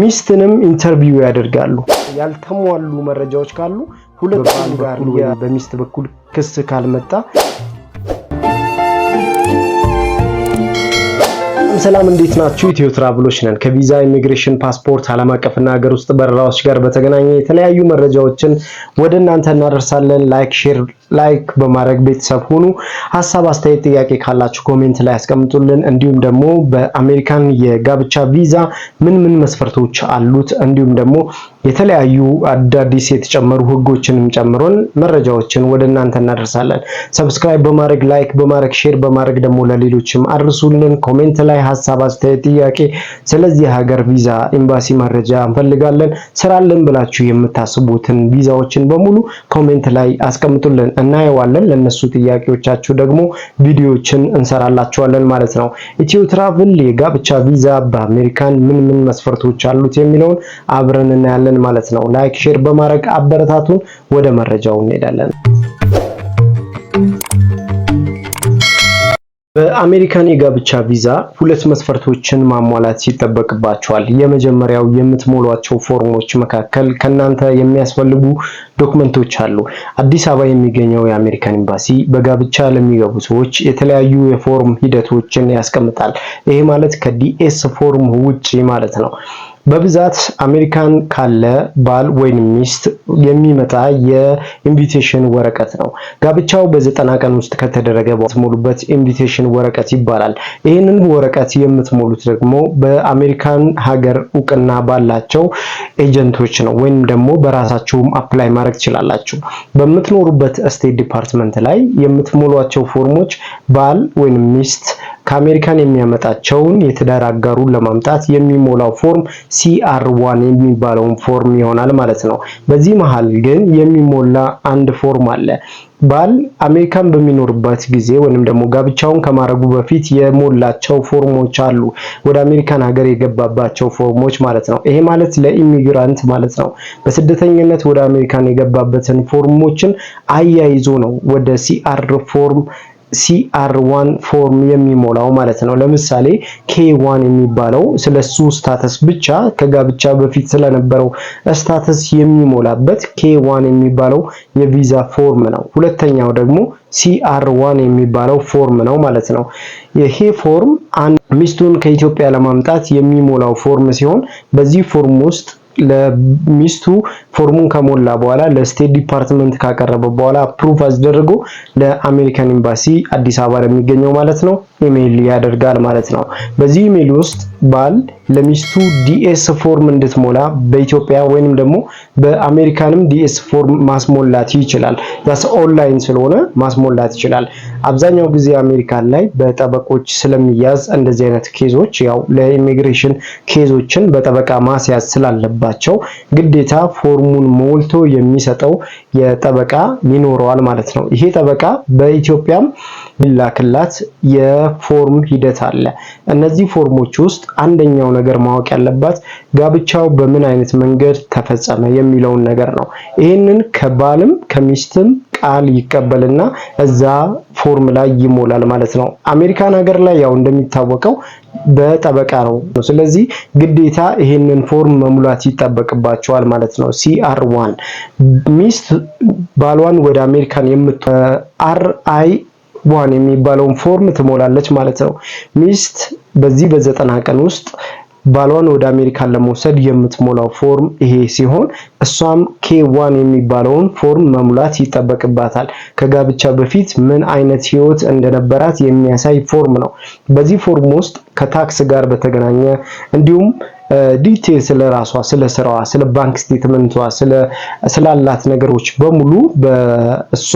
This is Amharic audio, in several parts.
ሚስትንም ኢንተርቪው ያደርጋሉ። ያልተሟሉ መረጃዎች ካሉ ሁለት ጋር በሚስት በኩል ክስ ካልመጣ ሰላም እንዴት ናችሁ? ኢትዮ ትራቭሎች ነን። ከቪዛ ኢሚግሬሽን፣ ፓስፖርት፣ ዓለም አቀፍና ሀገር ውስጥ በረራዎች ጋር በተገናኘ የተለያዩ መረጃዎችን ወደ እናንተ እናደርሳለን። ላይክ፣ ሼር ላይክ በማድረግ ቤተሰብ ሁኑ። ሀሳብ፣ አስተያየት፣ ጥያቄ ካላችሁ ኮሜንት ላይ አስቀምጡልን እንዲሁም ደግሞ በአሜሪካን የጋብቻ ቪዛ ምን ምን መስፈርቶች አሉት እንዲሁም ደግሞ የተለያዩ አዳዲስ የተጨመሩ ህጎችንም ጨምሮን መረጃዎችን ወደ እናንተ እናደርሳለን። ሰብስክራይብ በማድረግ ላይክ በማድረግ ሼር በማድረግ ደግሞ ለሌሎችም አድርሱልን። ኮሜንት ላይ ሀሳብ፣ አስተያየት፣ ጥያቄ ስለዚህ ሀገር ቪዛ፣ ኤምባሲ መረጃ እንፈልጋለን ስራለን ብላችሁ የምታስቡትን ቪዛዎችን በሙሉ ኮሜንት ላይ አስቀምጡልን። እናየዋለን። ለነሱ ጥያቄዎቻችሁ ደግሞ ቪዲዮዎችን እንሰራላችኋለን ማለት ነው። ኢትዮ ትራቭል የጋብቻ ቪዛ በአሜሪካን ምን ምን መስፈርቶች አሉት የሚለውን አብረን እናያለን ማለት ነው። ላይክ ሼር በማድረግ አበረታቱን። ወደ መረጃው እንሄዳለን። በአሜሪካን የጋብቻ ቪዛ ሁለት መስፈርቶችን ማሟላት ይጠበቅባቸዋል። የመጀመሪያው የምትሞሏቸው ፎርሞች መካከል ከእናንተ የሚያስፈልጉ ዶክመንቶች አሉ። አዲስ አበባ የሚገኘው የአሜሪካን ኤምባሲ በጋብቻ ለሚገቡ ሰዎች የተለያዩ የፎርም ሂደቶችን ያስቀምጣል። ይሄ ማለት ከዲኤስ ፎርም ውጪ ማለት ነው። በብዛት አሜሪካን ካለ ባል ወይም ሚስት የሚመጣ የኢንቪቴሽን ወረቀት ነው። ጋብቻው በዘጠና ቀን ውስጥ ከተደረገ በሙሉበት ኢንቪቴሽን ወረቀት ይባላል። ይህንን ወረቀት የምትሞሉት ደግሞ በአሜሪካን ሀገር እውቅና ባላቸው ኤጀንቶች ነው፣ ወይም ደግሞ በራሳችሁም አፕላይ ማድረግ ትችላላችሁ። በምትኖሩበት ስቴት ዲፓርትመንት ላይ የምትሞሏቸው ፎርሞች ባል ወይም ሚስት ከአሜሪካን የሚያመጣቸውን የትዳር አጋሩን ለማምጣት የሚሞላው ፎርም ሲአር ዋን የሚባለውን ፎርም ይሆናል ማለት ነው። በዚህ መሃል ግን የሚሞላ አንድ ፎርም አለ። ባል አሜሪካን በሚኖርበት ጊዜ ወይም ደግሞ ጋብቻውን ከማድረጉ በፊት የሞላቸው ፎርሞች አሉ። ወደ አሜሪካን ሀገር የገባባቸው ፎርሞች ማለት ነው። ይሄ ማለት ለኢሚግራንት ማለት ነው። በስደተኝነት ወደ አሜሪካን የገባበትን ፎርሞችን አያይዞ ነው ወደ ሲአር ፎርም ሲአር ዋን ፎርም የሚሞላው ማለት ነው። ለምሳሌ ኬ ዋን የሚባለው ስለሱ ስታተስ ብቻ ከጋብቻ በፊት ስለነበረው ስታተስ የሚሞላበት ኬ ዋን የሚባለው የቪዛ ፎርም ነው። ሁለተኛው ደግሞ ሲአር ዋን የሚባለው ፎርም ነው ማለት ነው። ይሄ ፎርም አንድ ሚስቱን ከኢትዮጵያ ለማምጣት የሚሞላው ፎርም ሲሆን በዚህ ፎርም ውስጥ ለሚስቱ ፎርሙን ከሞላ በኋላ ለስቴት ዲፓርትመንት ካቀረበ በኋላ አፕሩቭ አስደርጎ ለአሜሪካን ኤምባሲ አዲስ አበባ ለሚገኘው ማለት ነው ኢሜይል ያደርጋል ማለት ነው። በዚህ ኢሜይል ውስጥ ባል ለሚስቱ ዲኤስ ፎርም እንድትሞላ በኢትዮጵያ ወይንም ደግሞ በአሜሪካንም ዲኤስ ፎርም ማስሞላት ይችላል። ኦንላይን ስለሆነ ማስሞላት ይችላል። አብዛኛው ጊዜ አሜሪካን ላይ በጠበቆች ስለሚያዝ እንደዚህ አይነት ኬዞች ያው ለኢሚግሬሽን ኬዞችን በጠበቃ ማስያዝ ስላለባቸው ግዴታ ፎርሙን ሞልቶ የሚሰጠው የጠበቃ ይኖረዋል ማለት ነው። ይሄ ጠበቃ በኢትዮጵያም ይላክላት የፎርም ሂደት አለ። እነዚህ ፎርሞች ውስጥ አንደኛው ነገር ማወቅ ያለባት ጋብቻው በምን አይነት መንገድ ተፈጸመ የሚለውን ነገር ነው። ይህንን ከባልም ከሚስትም ቃል ይቀበልና እዛ ፎርም ላይ ይሞላል ማለት ነው። አሜሪካን ሀገር ላይ ያው እንደሚታወቀው በጠበቃ ነው። ስለዚህ ግዴታ ይሄንን ፎርም መሙላት ይጠበቅባቸዋል ማለት ነው። ሲአር ዋን ሚስት ባሏን ወደ አሜሪካን የምት አር አይ ዋን የሚባለውን ፎርም ትሞላለች ማለት ነው። ሚስት በዚህ በዘጠና ቀን ውስጥ ባሏን ወደ አሜሪካ ለመውሰድ የምትሞላው ፎርም ይሄ ሲሆን እሷም ኬዋን የሚባለውን ፎርም መሙላት ይጠበቅባታል። ከጋብቻ በፊት ምን አይነት ህይወት እንደነበራት የሚያሳይ ፎርም ነው። በዚህ ፎርም ውስጥ ከታክስ ጋር በተገናኘ እንዲሁም ዲቴል ስለ ራሷ፣ ስለ ስራዋ፣ ስለ ባንክ ስቴትመንቷ፣ ስላላት ነገሮች በሙሉ በእሷ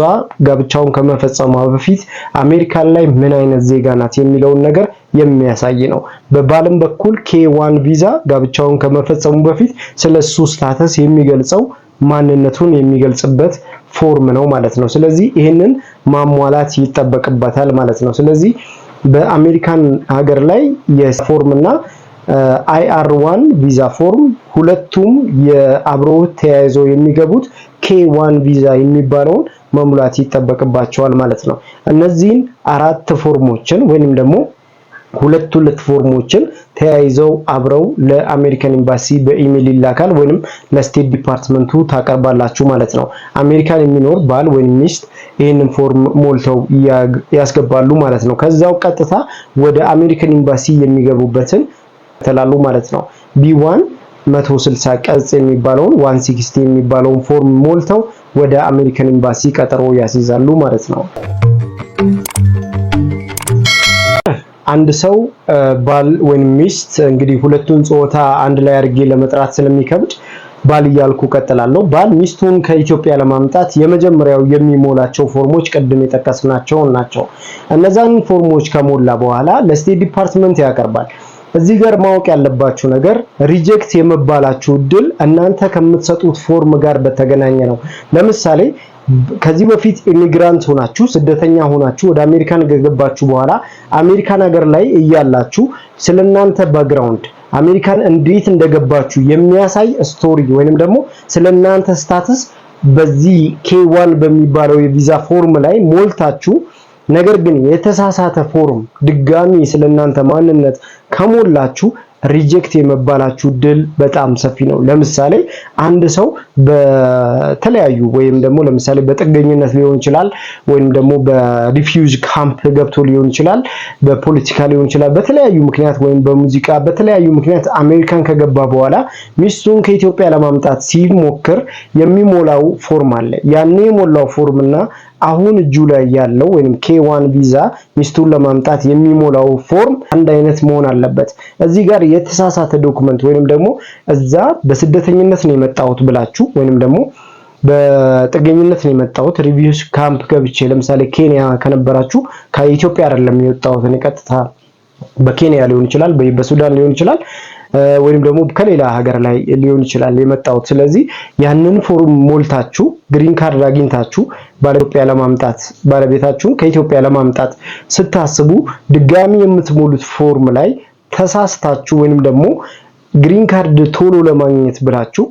ጋብቻውን ከመፈጸሟ በፊት አሜሪካን ላይ ምን አይነት ዜጋ ናት የሚለውን ነገር የሚያሳይ ነው። በባልም በኩል ኬ ዋን ቪዛ ጋብቻውን ከመፈጸሙ በፊት ስለ እሱ ስታተስ የሚገልጸው ማንነቱን የሚገልጽበት ፎርም ነው ማለት ነው። ስለዚህ ይህንን ማሟላት ይጠበቅባታል ማለት ነው። ስለዚህ በአሜሪካን ሀገር ላይ የፎርምና አይአር ዋን ቪዛ ፎርም ሁለቱም የአብሮ ተያይዘው የሚገቡት ኬ ዋን ቪዛ የሚባለውን መሙላት ይጠበቅባቸዋል ማለት ነው። እነዚህን አራት ፎርሞችን ወይንም ደግሞ ሁለት ሁለት ፎርሞችን ተያይዘው አብረው ለአሜሪካን ኤምባሲ በኢሜይል ይላካል ወይንም ለስቴት ዲፓርትመንቱ ታቀርባላችሁ ማለት ነው። አሜሪካን የሚኖር ባል ወይም ሚስት ይህንን ፎርም ሞልተው ያስገባሉ ማለት ነው። ከዛው ቀጥታ ወደ አሜሪካን ኤምባሲ የሚገቡበትን ይከተላሉ ማለት ነው። ቢ1 160 ቀጽ የሚባለውን 160 የሚባለውን ፎርም ሞልተው ወደ አሜሪካን ኤምባሲ ቀጠሮ ያስይዛሉ ማለት ነው። አንድ ሰው ባል ወይም ሚስት እንግዲህ ሁለቱን ጾታ አንድ ላይ አድርጌ ለመጥራት ስለሚከብድ ባል እያልኩ ቀጥላለሁ። ባል ሚስቱን ከኢትዮጵያ ለማምጣት የመጀመሪያው የሚሞላቸው ፎርሞች ቅድም የጠቀስናቸውን ናቸው። እነዛን ፎርሞች ከሞላ በኋላ ለስቴት ዲፓርትመንት ያቀርባል። እዚህ ጋር ማወቅ ያለባችሁ ነገር ሪጀክት የመባላችሁ እድል እናንተ ከምትሰጡት ፎርም ጋር በተገናኘ ነው። ለምሳሌ ከዚህ በፊት ኢሚግራንት ሆናችሁ ስደተኛ ሆናችሁ ወደ አሜሪካን ከገባችሁ በኋላ አሜሪካን ሀገር ላይ እያላችሁ ስለናንተ ባክግራውንድ አሜሪካን እንዴት እንደገባችሁ የሚያሳይ ስቶሪ ወይንም ደግሞ ስለናንተ ስታትስ በዚህ ዋን በሚባለው የቪዛ ፎርም ላይ ሞልታችሁ ነገር ግን የተሳሳተ ፎርም ድጋሚ ስለእናንተ ማንነት ከሞላችሁ ሪጀክት የመባላችሁ ድል በጣም ሰፊ ነው። ለምሳሌ አንድ ሰው በተለያዩ ወይም ደግሞ ለምሳሌ በጥገኝነት ሊሆን ይችላል፣ ወይም ደግሞ በሪፊውጅ ካምፕ ገብቶ ሊሆን ይችላል፣ በፖለቲካ ሊሆን ይችላል፣ በተለያዩ ምክንያት ወይም በሙዚቃ በተለያዩ ምክንያት አሜሪካን ከገባ በኋላ ሚስቱን ከኢትዮጵያ ለማምጣት ሲሞክር የሚሞላው ፎርም አለ። ያን የሞላው ፎርም እና አሁን እጁ ላይ ያለው ወይም ኬዋን ቪዛ ሚስቱን ለማምጣት የሚሞላው ፎርም አንድ አይነት መሆን አለበት። እዚህ ጋር የተሳሳተ ዶክመንት ወይንም ደግሞ እዛ በስደተኝነት ነው የመጣሁት ብላችሁ ወይንም ደግሞ በጥገኝነት ነው የመጣሁት ሪቪውስ ካምፕ ገብቼ ለምሳሌ ኬንያ ከነበራችሁ ከኢትዮጵያ አይደለም የወጣሁት እኔ ቀጥታ በኬንያ ሊሆን ይችላል፣ በሱዳን ሊሆን ይችላል ወይም ደግሞ ከሌላ ሀገር ላይ ሊሆን ይችላል የመጣሁት። ስለዚህ ያንን ፎርም ሞልታችሁ ግሪን ካርድ አግኝታችሁ ባለኢትዮጵያ ለማምጣት ባለቤታችሁን ከኢትዮጵያ ለማምጣት ስታስቡ ድጋሚ የምትሞሉት ፎርም ላይ ተሳስታችሁ ወይንም ደግሞ ግሪን ካርድ ቶሎ ለማግኘት ብላችሁ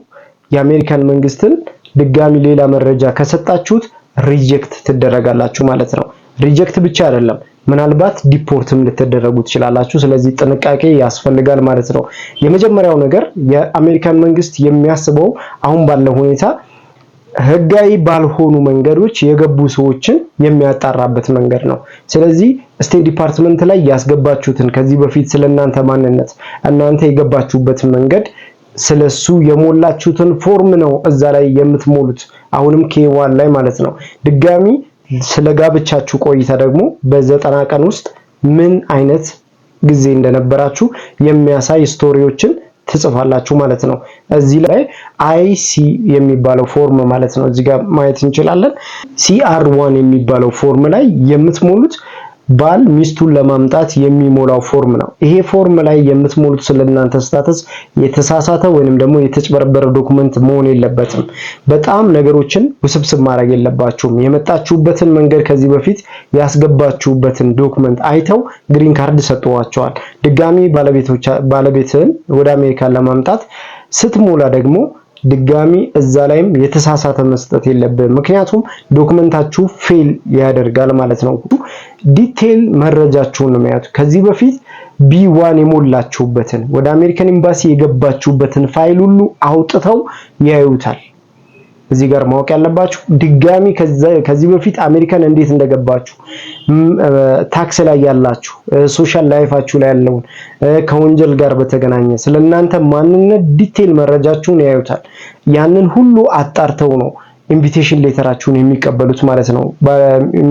የአሜሪካን መንግስትን ድጋሚ ሌላ መረጃ ከሰጣችሁት ሪጀክት ትደረጋላችሁ ማለት ነው። ሪጀክት ብቻ አይደለም፣ ምናልባት ዲፖርትም ልትደረጉ ትችላላችሁ። ስለዚህ ጥንቃቄ ያስፈልጋል ማለት ነው። የመጀመሪያው ነገር የአሜሪካን መንግስት የሚያስበው አሁን ባለው ሁኔታ ህጋዊ ባልሆኑ መንገዶች የገቡ ሰዎችን የሚያጣራበት መንገድ ነው። ስለዚህ ስቴት ዲፓርትመንት ላይ ያስገባችሁትን ከዚህ በፊት ስለ እናንተ ማንነት እናንተ የገባችሁበት መንገድ ስለሱ የሞላችሁትን ፎርም ነው እዛ ላይ የምትሞሉት። አሁንም ኬዋን ላይ ማለት ነው። ድጋሚ ስለ ጋብቻችሁ ቆይታ ደግሞ በዘጠና ቀን ውስጥ ምን አይነት ጊዜ እንደነበራችሁ የሚያሳይ ስቶሪዎችን ትጽፋላችሁ ማለት ነው። እዚህ ላይ አይሲ የሚባለው ፎርም ማለት ነው እዚህ ጋር ማየት እንችላለን። ሲአር ዋን የሚባለው ፎርም ላይ የምትሞሉት ባል ሚስቱን ለማምጣት የሚሞላው ፎርም ነው። ይሄ ፎርም ላይ የምትሞሉት ስለእናንተ ስታተስ የተሳሳተ ወይንም ደግሞ የተጭበረበረ ዶክመንት መሆን የለበትም። በጣም ነገሮችን ውስብስብ ማድረግ የለባችሁም። የመጣችሁበትን መንገድ ከዚህ በፊት ያስገባችሁበትን ዶክመንት አይተው ግሪን ካርድ ሰጥቷቸዋል። ድጋሚ ባለቤትን ወደ አሜሪካን ለማምጣት ስትሞላ ደግሞ ድጋሚ እዛ ላይም የተሳሳተ መስጠት የለብን። ምክንያቱም ዶክመንታችሁ ፌል ያደርጋል ማለት ነው። ዲቴል መረጃችሁን ነው የሚያዩት። ከዚህ በፊት ቢዋን የሞላችሁበትን ወደ አሜሪካን ኤምባሲ የገባችሁበትን ፋይል ሁሉ አውጥተው ያዩታል። እዚህ ጋር ማወቅ ያለባችሁ ድጋሚ ከዚህ በፊት አሜሪካን እንዴት እንደገባችሁ ታክስ ላይ ያላችሁ ሶሻል ላይፋችሁ ላይ ያለውን ከወንጀል ጋር በተገናኘ ስለ እናንተ ማንነት ዲቴል መረጃችሁን ያዩታል። ያንን ሁሉ አጣርተው ነው ኢንቪቴሽን ሌተራችሁን የሚቀበሉት ማለት ነው።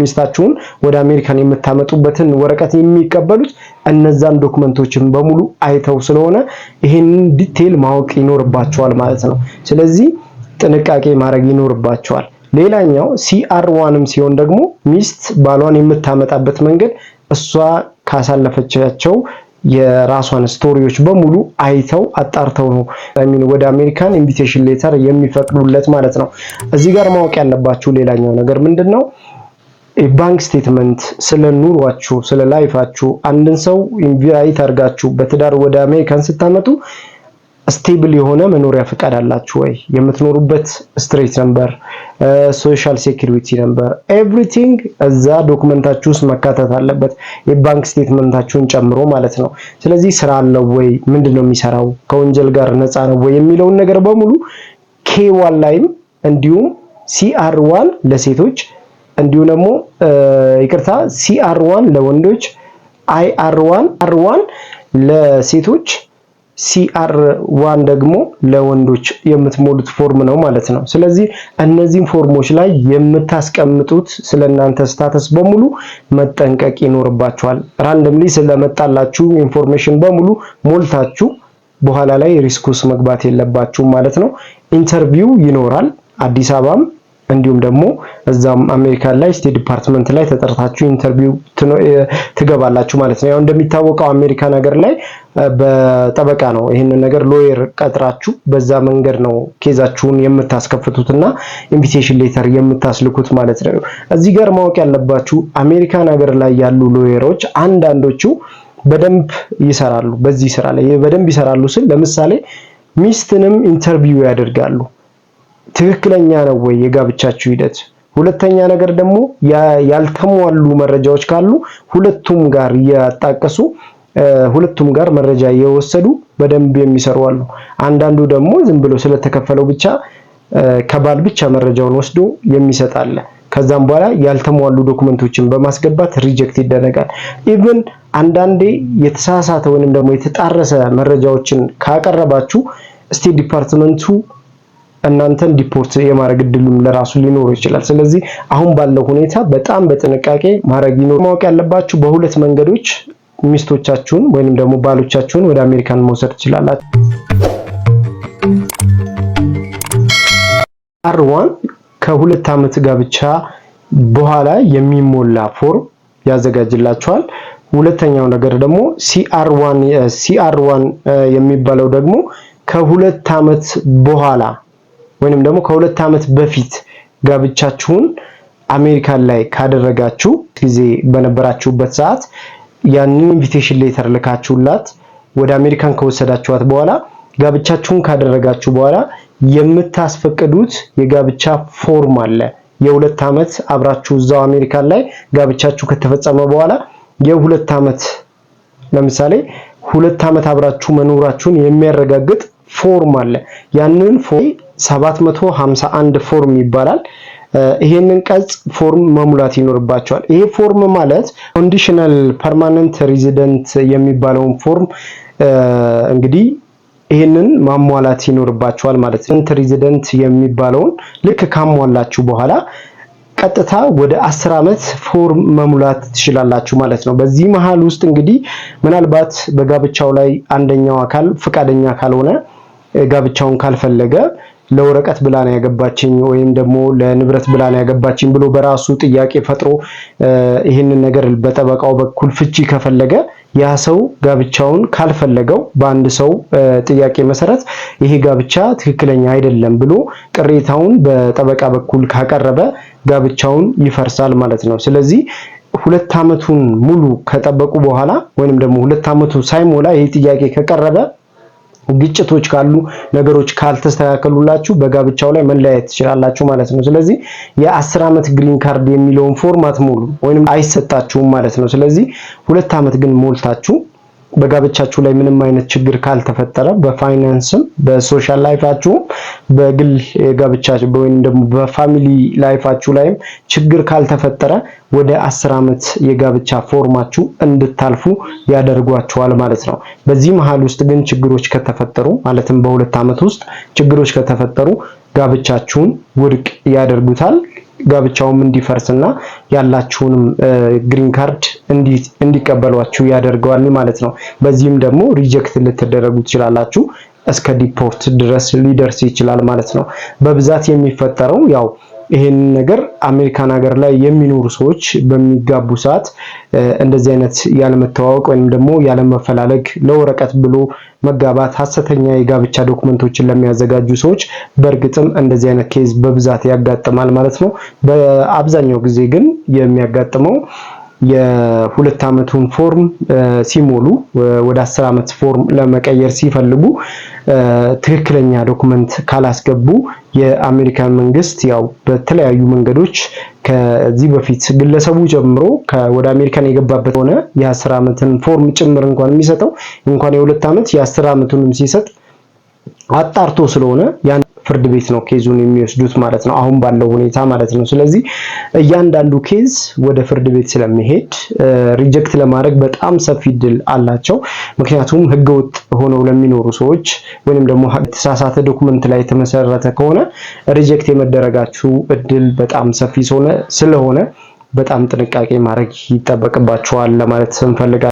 ሚስታችሁን ወደ አሜሪካን የምታመጡበትን ወረቀት የሚቀበሉት እነዛን ዶክመንቶችን በሙሉ አይተው ስለሆነ ይህንን ዲቴል ማወቅ ይኖርባችኋል ማለት ነው። ስለዚህ ጥንቃቄ ማድረግ ይኖርባቸዋል። ሌላኛው ሲአር ዋንም ሲሆን ደግሞ ሚስት ባሏን የምታመጣበት መንገድ እሷ ካሳለፈቻቸው የራሷን ስቶሪዎች በሙሉ አይተው አጣርተው ነው ወደ አሜሪካን ኢንቪቴሽን ሌተር የሚፈቅዱለት ማለት ነው። እዚህ ጋር ማወቅ ያለባችሁ ሌላኛው ነገር ምንድን ነው? የባንክ ስቴትመንት ስለ ኑሯችሁ፣ ስለ ላይፋችሁ አንድን ሰው ኢንቫይት አድርጋችሁ በትዳር ወደ አሜሪካን ስታመጡ ስቴብል የሆነ መኖሪያ ፈቃድ አላችሁ ወይ? የምትኖሩበት ስትሬት ነምበር፣ ሶሻል ሴኩሪቲ ነምበር፣ ኤቭሪቲንግ እዛ ዶክመንታችሁ ውስጥ መካተት አለበት፣ የባንክ ስቴትመንታችሁን ጨምሮ ማለት ነው። ስለዚህ ስራ አለው ወይ፣ ምንድን ነው የሚሰራው፣ ከወንጀል ጋር ነፃ ነው ወይ የሚለውን ነገር በሙሉ ኬዋን ላይም እንዲሁም ሲአር ዋን ለሴቶች እንዲሁም ደግሞ ይቅርታ ሲአር ዋን ለወንዶች፣ አይአር ዋን አር ዋን ለሴቶች ሲአር ዋን ደግሞ ለወንዶች የምትሞሉት ፎርም ነው ማለት ነው። ስለዚህ እነዚህን ፎርሞች ላይ የምታስቀምጡት ስለ እናንተ ስታተስ በሙሉ መጠንቀቅ ይኖርባችኋል። ራንደምሊ ስለመጣላችሁ ኢንፎርሜሽን በሙሉ ሞልታችሁ በኋላ ላይ ሪስክ ውስጥ መግባት የለባችሁም ማለት ነው። ኢንተርቪው ይኖራል አዲስ አበባም እንዲሁም ደግሞ እዛም አሜሪካን ላይ ስቴት ዲፓርትመንት ላይ ተጠርታችሁ ኢንተርቪው ትገባላችሁ ማለት ነው። ያው እንደሚታወቀው አሜሪካ ነገር ላይ በጠበቃ ነው ይህንን ነገር ሎየር ቀጥራችሁ በዛ መንገድ ነው ኬዛችሁን የምታስከፍቱት እና ኢንቪቴሽን ሌተር የምታስልኩት ማለት ነው። እዚህ ጋር ማወቅ ያለባችሁ አሜሪካን ሀገር ላይ ያሉ ሎየሮች አንዳንዶቹ በደንብ ይሰራሉ፣ በዚህ ስራ ላይ በደንብ ይሰራሉ ስል ለምሳሌ ሚስትንም ኢንተርቪው ያደርጋሉ። ትክክለኛ ነው ወይ የጋብቻችሁ ሂደት? ሁለተኛ ነገር ደግሞ ያልተሟሉ መረጃዎች ካሉ ሁለቱም ጋር እያጣቀሱ ሁለቱም ጋር መረጃ እየወሰዱ በደንብ የሚሰሩ አሉ። አንዳንዱ ደግሞ ዝም ብሎ ስለተከፈለው ብቻ ከባል ብቻ መረጃውን ወስዶ የሚሰጥ አለ። ከዛም በኋላ ያልተሟሉ ዶክመንቶችን በማስገባት ሪጀክት ይደረጋል። ኢቭን አንዳንዴ የተሳሳተ ወይም ደግሞ የተጣረሰ መረጃዎችን ካቀረባችሁ ስቴት ዲፓርትመንቱ እናንተን ዲፖርት የማድረግ እድሉም ለራሱ ሊኖሩ ይችላል። ስለዚህ አሁን ባለው ሁኔታ በጣም በጥንቃቄ ማድረግ ይኖር። ማወቅ ያለባችሁ በሁለት መንገዶች ሚስቶቻችሁን ወይንም ደግሞ ባሎቻችሁን ወደ አሜሪካን መውሰድ ትችላላችሁ። አርዋን ከሁለት ዓመት ጋብቻ በኋላ የሚሞላ ፎርም ያዘጋጅላችኋል። ሁለተኛው ነገር ደግሞ ሲአር ዋን የሚባለው ደግሞ ከሁለት ዓመት በኋላ ወይንም ደግሞ ከሁለት ዓመት በፊት ጋብቻችሁን አሜሪካን ላይ ካደረጋችሁ ጊዜ በነበራችሁበት ሰዓት ያንን ኢንቪቴሽን ሌተር ልካችሁላት ወደ አሜሪካን ከወሰዳችኋት በኋላ ጋብቻችሁን ካደረጋችሁ በኋላ የምታስፈቅዱት የጋብቻ ፎርም አለ። የሁለት ዓመት አብራችሁ እዛው አሜሪካን ላይ ጋብቻችሁ ከተፈጸመ በኋላ የሁለት ዓመት ለምሳሌ ሁለት ዓመት አብራችሁ መኖራችሁን የሚያረጋግጥ ፎርም አለ። ያንን ፎርም 751 ፎርም ይባላል። ይሄንን ቀጽ ፎርም መሙላት ይኖርባቸዋል። ይሄ ፎርም ማለት ኮንዲሽናል ፐርማነንት ሬዚደንት የሚባለውን ፎርም እንግዲህ ይህንን ማሟላት ይኖርባቸዋል ማለት ነው። ሬዚደንት የሚባለውን ልክ ካሟላችሁ በኋላ ቀጥታ ወደ አስር ዓመት ፎርም መሙላት ትችላላችሁ ማለት ነው። በዚህ መሀል ውስጥ እንግዲህ ምናልባት በጋብቻው ላይ አንደኛው አካል ፈቃደኛ ካልሆነ ጋብቻውን ካልፈለገ ለወረቀት ብላ ነው ያገባችኝ ወይም ደግሞ ለንብረት ብላ ነው ያገባችኝ ብሎ በራሱ ጥያቄ ፈጥሮ ይህንን ነገር በጠበቃው በኩል ፍቺ ከፈለገ ያ ሰው ጋብቻውን ካልፈለገው በአንድ ሰው ጥያቄ መሰረት ይሄ ጋብቻ ትክክለኛ አይደለም ብሎ ቅሬታውን በጠበቃ በኩል ካቀረበ ጋብቻውን ይፈርሳል ማለት ነው። ስለዚህ ሁለት ዓመቱን ሙሉ ከጠበቁ በኋላ ወይንም ደግሞ ሁለት ዓመቱ ሳይሞላ ይሄ ጥያቄ ከቀረበ ግጭቶች ካሉ ነገሮች ካልተስተካከሉላችሁ በጋብቻው ላይ መለያየት ትችላላችሁ ማለት ነው። ስለዚህ የአስር ዓመት ግሪን ካርድ የሚለውን ፎርማት ሙሉ ወይንም አይሰጣችሁም ማለት ነው። ስለዚህ ሁለት ዓመት ግን ሞልታችሁ በጋብቻችሁ ላይ ምንም አይነት ችግር ካልተፈጠረ በፋይናንስም በሶሻል ላይፋችሁም በግል ጋብቻችሁ ወይም ደግሞ በፋሚሊ ላይፋችሁ ላይም ችግር ካልተፈጠረ ወደ አስር ዓመት የጋብቻ ፎርማችሁ እንድታልፉ ያደርጓችኋል ማለት ነው። በዚህ መሀል ውስጥ ግን ችግሮች ከተፈጠሩ ማለትም በሁለት ዓመት ውስጥ ችግሮች ከተፈጠሩ ጋብቻችሁን ውድቅ ያደርጉታል። ጋብቻውም እንዲፈርስና ያላችሁንም ግሪን ካርድ እንዲቀበሏችሁ ያደርገዋል ማለት ነው። በዚህም ደግሞ ሪጀክት ልትደረጉ ትችላላችሁ። እስከ ዲፖርት ድረስ ሊደርስ ይችላል ማለት ነው። በብዛት የሚፈጠረው ያው ይሄን ነገር አሜሪካን ሀገር ላይ የሚኖሩ ሰዎች በሚጋቡ ሰዓት እንደዚህ አይነት ያለመተዋወቅ ወይም ደግሞ ያለመፈላለግ ለወረቀት ብሎ መጋባት ሀሰተኛ የጋብቻ ዶክመንቶችን ለሚያዘጋጁ ሰዎች በእርግጥም እንደዚህ አይነት ኬዝ በብዛት ያጋጥማል ማለት ነው። በአብዛኛው ጊዜ ግን የሚያጋጥመው የሁለት ዓመቱን ፎርም ሲሞሉ ወደ አስር ዓመት ፎርም ለመቀየር ሲፈልጉ ትክክለኛ ዶክመንት ካላስገቡ የአሜሪካን መንግስት ያው በተለያዩ መንገዶች ከዚህ በፊት ግለሰቡ ጀምሮ ወደ አሜሪካን የገባበት ሆነ የአስር ዓመትን ፎርም ጭምር እንኳን የሚሰጠው እንኳን የሁለት ዓመት የአስር ዓመቱንም ሲሰጥ አጣርቶ ስለሆነ ያን ፍርድ ቤት ነው ኬዙን የሚወስዱት ማለት ነው፣ አሁን ባለው ሁኔታ ማለት ነው። ስለዚህ እያንዳንዱ ኬዝ ወደ ፍርድ ቤት ስለሚሄድ ሪጀክት ለማድረግ በጣም ሰፊ እድል አላቸው። ምክንያቱም ህገወጥ ሆነው ለሚኖሩ ሰዎች ወይም ደግሞ የተሳሳተ ዶኩመንት ላይ የተመሰረተ ከሆነ ሪጀክት የመደረጋችሁ እድል በጣም ሰፊ ስለሆነ በጣም ጥንቃቄ ማድረግ ይጠበቅባቸዋል ለማለት እንፈልጋለን።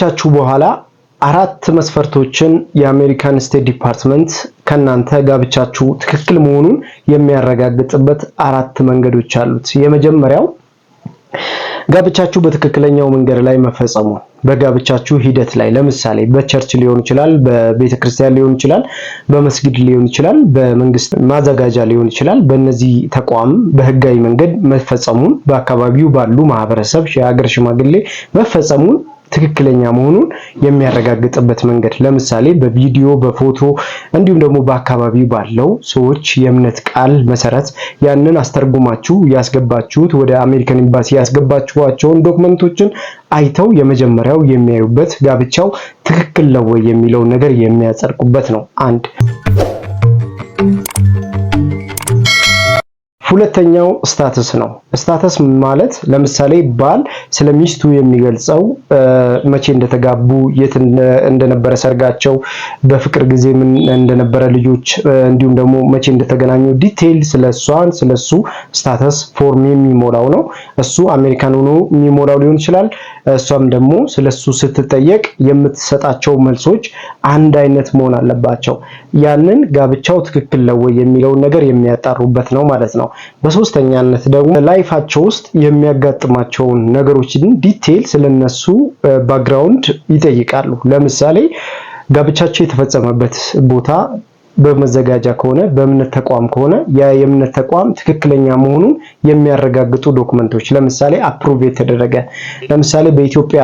ቻችሁ በኋላ አራት መስፈርቶችን የአሜሪካን ስቴት ዲፓርትመንት ከእናንተ ጋብቻችሁ ትክክል መሆኑን የሚያረጋግጥበት አራት መንገዶች አሉት። የመጀመሪያው ጋብቻችሁ በትክክለኛው መንገድ ላይ መፈጸሙ በጋብቻችሁ ሂደት ላይ ለምሳሌ በቸርች ሊሆን ይችላል፣ በቤተ ክርስቲያን ሊሆን ይችላል፣ በመስጊድ ሊሆን ይችላል፣ በመንግስት ማዘጋጃ ሊሆን ይችላል። በእነዚህ ተቋም በህጋዊ መንገድ መፈጸሙን በአካባቢው ባሉ ማህበረሰብ የሀገር ሽማግሌ መፈጸሙን ትክክለኛ መሆኑን የሚያረጋግጥበት መንገድ ለምሳሌ በቪዲዮ፣ በፎቶ እንዲሁም ደግሞ በአካባቢው ባለው ሰዎች የእምነት ቃል መሰረት ያንን አስተርጉማችሁ ያስገባችሁት ወደ አሜሪካን ኤምባሲ ያስገባችኋቸውን ዶክመንቶችን አይተው የመጀመሪያው የሚያዩበት ጋብቻው ትክክል ነው ወይ የሚለውን ነገር የሚያጸድቁበት ነው። አንድ ሁለተኛው ስታተስ ነው። ስታተስ ማለት ለምሳሌ ባል ስለ ሚስቱ የሚገልጸው መቼ እንደተጋቡ፣ የት እንደነበረ ሰርጋቸው፣ በፍቅር ጊዜ ምን እንደነበረ ልጆች፣ እንዲሁም ደግሞ መቼ እንደተገናኙ ዲቴይል ስለ እሷን ስለ እሱ ስታተስ ፎርም የሚሞላው ነው። እሱ አሜሪካን ሆኖ የሚሞላው ሊሆን ይችላል። እሷም ደግሞ ስለ እሱ ስትጠየቅ የምትሰጣቸው መልሶች አንድ አይነት መሆን አለባቸው። ያንን ጋብቻው ትክክል ነው የሚለውን ነገር የሚያጣሩበት ነው ማለት ነው። በሶስተኛነት ደግሞ ላይፋቸው ውስጥ የሚያጋጥማቸውን ነገሮችን ዲቴይል ስለነሱ ባክግራውንድ ይጠይቃሉ። ለምሳሌ ጋብቻቸው የተፈጸመበት ቦታ በመዘጋጃ ከሆነ በእምነት ተቋም ከሆነ የእምነት ተቋም ትክክለኛ መሆኑን የሚያረጋግጡ ዶክመንቶች ለምሳሌ አፕሩቭ የተደረገ ለምሳሌ በኢትዮጵያ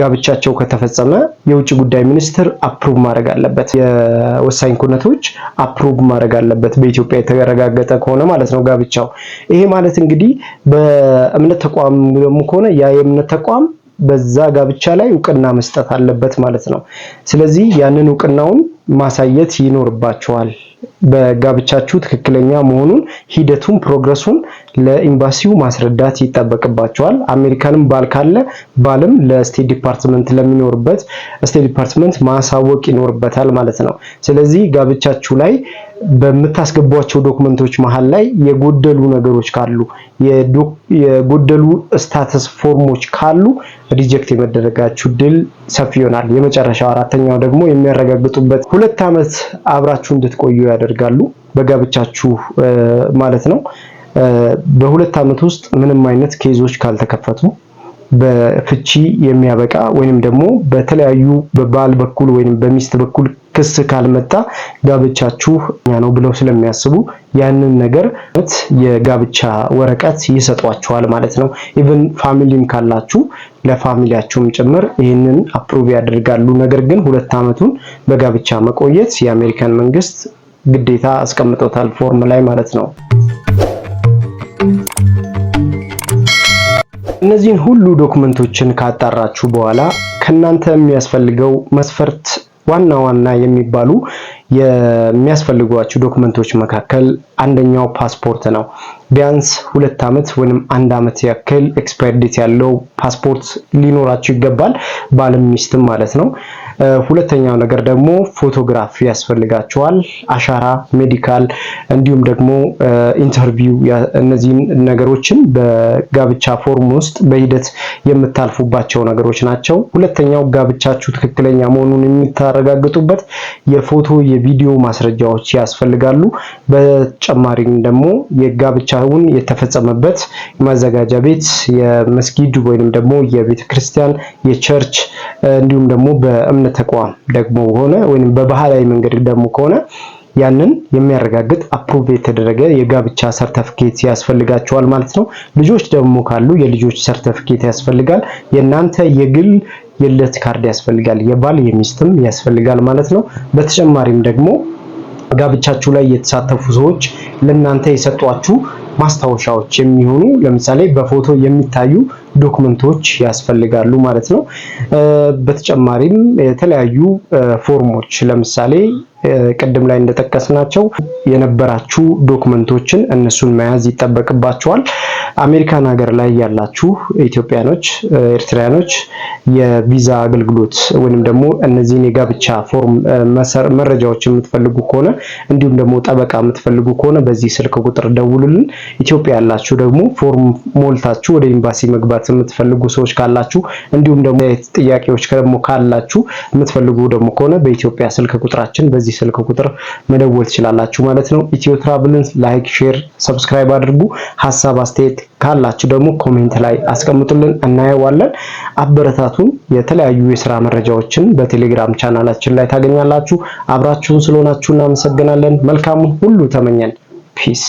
ጋብቻቸው ከተፈጸመ የውጭ ጉዳይ ሚኒስትር አፕሩቭ ማድረግ አለበት። የወሳኝ ኩነቶች አፕሩቭ ማድረግ አለበት፣ በኢትዮጵያ የተረጋገጠ ከሆነ ማለት ነው ጋብቻው። ይሄ ማለት እንግዲህ በእምነት ተቋም ደግሞ ከሆነ ያ የእምነት ተቋም በዛ ጋብቻ ላይ እውቅና መስጠት አለበት ማለት ነው። ስለዚህ ያንን እውቅናውን ማሳየት ይኖርባቸዋል። በጋብቻችሁ ትክክለኛ መሆኑን ሂደቱን ፕሮግረሱን ለኤምባሲው ማስረዳት ይጠበቅባቸዋል። አሜሪካንም ባል ካለ ባልም ለስቴት ዲፓርትመንት ለሚኖርበት ስቴት ዲፓርትመንት ማሳወቅ ይኖርበታል ማለት ነው። ስለዚህ ጋብቻችሁ ላይ በምታስገቧቸው ዶክመንቶች መሀል ላይ የጎደሉ ነገሮች ካሉ የጎደሉ ስታተስ ፎርሞች ካሉ ሪጀክት የመደረጋችሁ ድል ሰፊ ይሆናል። የመጨረሻው አራተኛው ደግሞ የሚያረጋግጡበት ሁለት ዓመት አብራችሁ እንድትቆዩ ያደርጋሉ። በጋብቻችሁ ማለት ነው። በሁለት ዓመት ውስጥ ምንም አይነት ኬዞች ካልተከፈቱ በፍቺ የሚያበቃ ወይንም ደግሞ በተለያዩ በባል በኩል ወይንም በሚስት በኩል ክስ ካልመጣ ጋብቻችሁ እኛ ነው ብለው ስለሚያስቡ ያንን ነገር የጋብቻ ወረቀት ይሰጧችኋል ማለት ነው። ኢቭን ፋሚሊም ካላችሁ ለፋሚሊያችሁም ጭምር ይህንን አፕሩቭ ያደርጋሉ። ነገር ግን ሁለት ዓመቱን በጋብቻ መቆየት የአሜሪካን መንግስት ግዴታ አስቀምጦታል ፎርም ላይ ማለት ነው። እነዚህን ሁሉ ዶክመንቶችን ካጣራችሁ በኋላ ከእናንተ የሚያስፈልገው መስፈርት ዋና ዋና የሚባሉ የሚያስፈልጓቸው ዶክመንቶች መካከል አንደኛው ፓስፖርት ነው። ቢያንስ ሁለት ዓመት ወይም አንድ ዓመት ያክል ኤክስፓየር ዴት ያለው ፓስፖርት ሊኖራቸው ይገባል። ባልም ሚስትም ማለት ነው። ሁለተኛው ነገር ደግሞ ፎቶግራፍ ያስፈልጋቸዋል፣ አሻራ፣ ሜዲካል እንዲሁም ደግሞ ኢንተርቪው። እነዚህን ነገሮችን በጋብቻ ፎርም ውስጥ በሂደት የምታልፉባቸው ነገሮች ናቸው። ሁለተኛው ጋብቻችሁ ትክክለኛ መሆኑን የምታረጋግጡበት የፎቶ የቪዲዮ ማስረጃዎች ያስፈልጋሉ። በተጨማሪም ደግሞ የጋብቻውን የተፈጸመበት ማዘጋጃ ቤት የመስጊድ ወይንም ደግሞ ክርስቲያን የቸርች እንዲሁም ደግሞ በእምነት ተቋም ደግሞ ሆነ ወይም በባህላዊ መንገድ ደግሞ ከሆነ ያንን የሚያረጋግጥ አፕሩቭ የተደረገ የጋብቻ ሰርተፍኬት ያስፈልጋቸዋል ማለት ነው። ልጆች ደግሞ ካሉ የልጆች ሰርተፍኬት ያስፈልጋል። የእናንተ የግል የልደት ካርድ ያስፈልጋል። የባል የሚስትም ያስፈልጋል ማለት ነው። በተጨማሪም ደግሞ ጋብቻችሁ ላይ የተሳተፉ ሰዎች ለእናንተ የሰጧችሁ ማስታወሻዎች የሚሆኑ ለምሳሌ በፎቶ የሚታዩ ዶክመንቶች ያስፈልጋሉ ማለት ነው። በተጨማሪም የተለያዩ ፎርሞች ለምሳሌ ቅድም ላይ እንደጠቀስናቸው የነበራችሁ ዶክመንቶችን እነሱን መያዝ ይጠበቅባቸዋል። አሜሪካን ሀገር ላይ ያላችሁ ኢትዮጵያኖች፣ ኤርትራያኖች የቪዛ አገልግሎት ወይም ደግሞ እነዚህን የጋብቻ ፎርም መረጃዎች የምትፈልጉ ከሆነ እንዲሁም ደግሞ ጠበቃ የምትፈልጉ ከሆነ በዚህ ስልክ ቁጥር ደውሉልን። ኢትዮጵያ ያላችሁ ደግሞ ፎርም ሞልታችሁ ወደ ኤምባሲ መግባት የምትፈልጉ ሰዎች ካላችሁ እንዲሁም ደግሞ ጥያቄዎች ደግሞ ካላችሁ የምትፈልጉ ደግሞ ከሆነ በኢትዮጵያ ስልክ ቁጥራችን በዚህ በዚህ ስልክ ቁጥር መደወል ትችላላችሁ ማለት ነው። ኢትዮ ትራቭልን ላይክ፣ ሼር፣ ሰብስክራይብ አድርጉ። ሀሳብ አስተያየት ካላችሁ ደግሞ ኮሜንት ላይ አስቀምጡልን፣ እናየዋለን። አበረታቱን። የተለያዩ የስራ መረጃዎችን በቴሌግራም ቻናላችን ላይ ታገኛላችሁ። አብራችሁን ስለሆናችሁ እናመሰግናለን። መልካሙን ሁሉ ተመኘን። ፒስ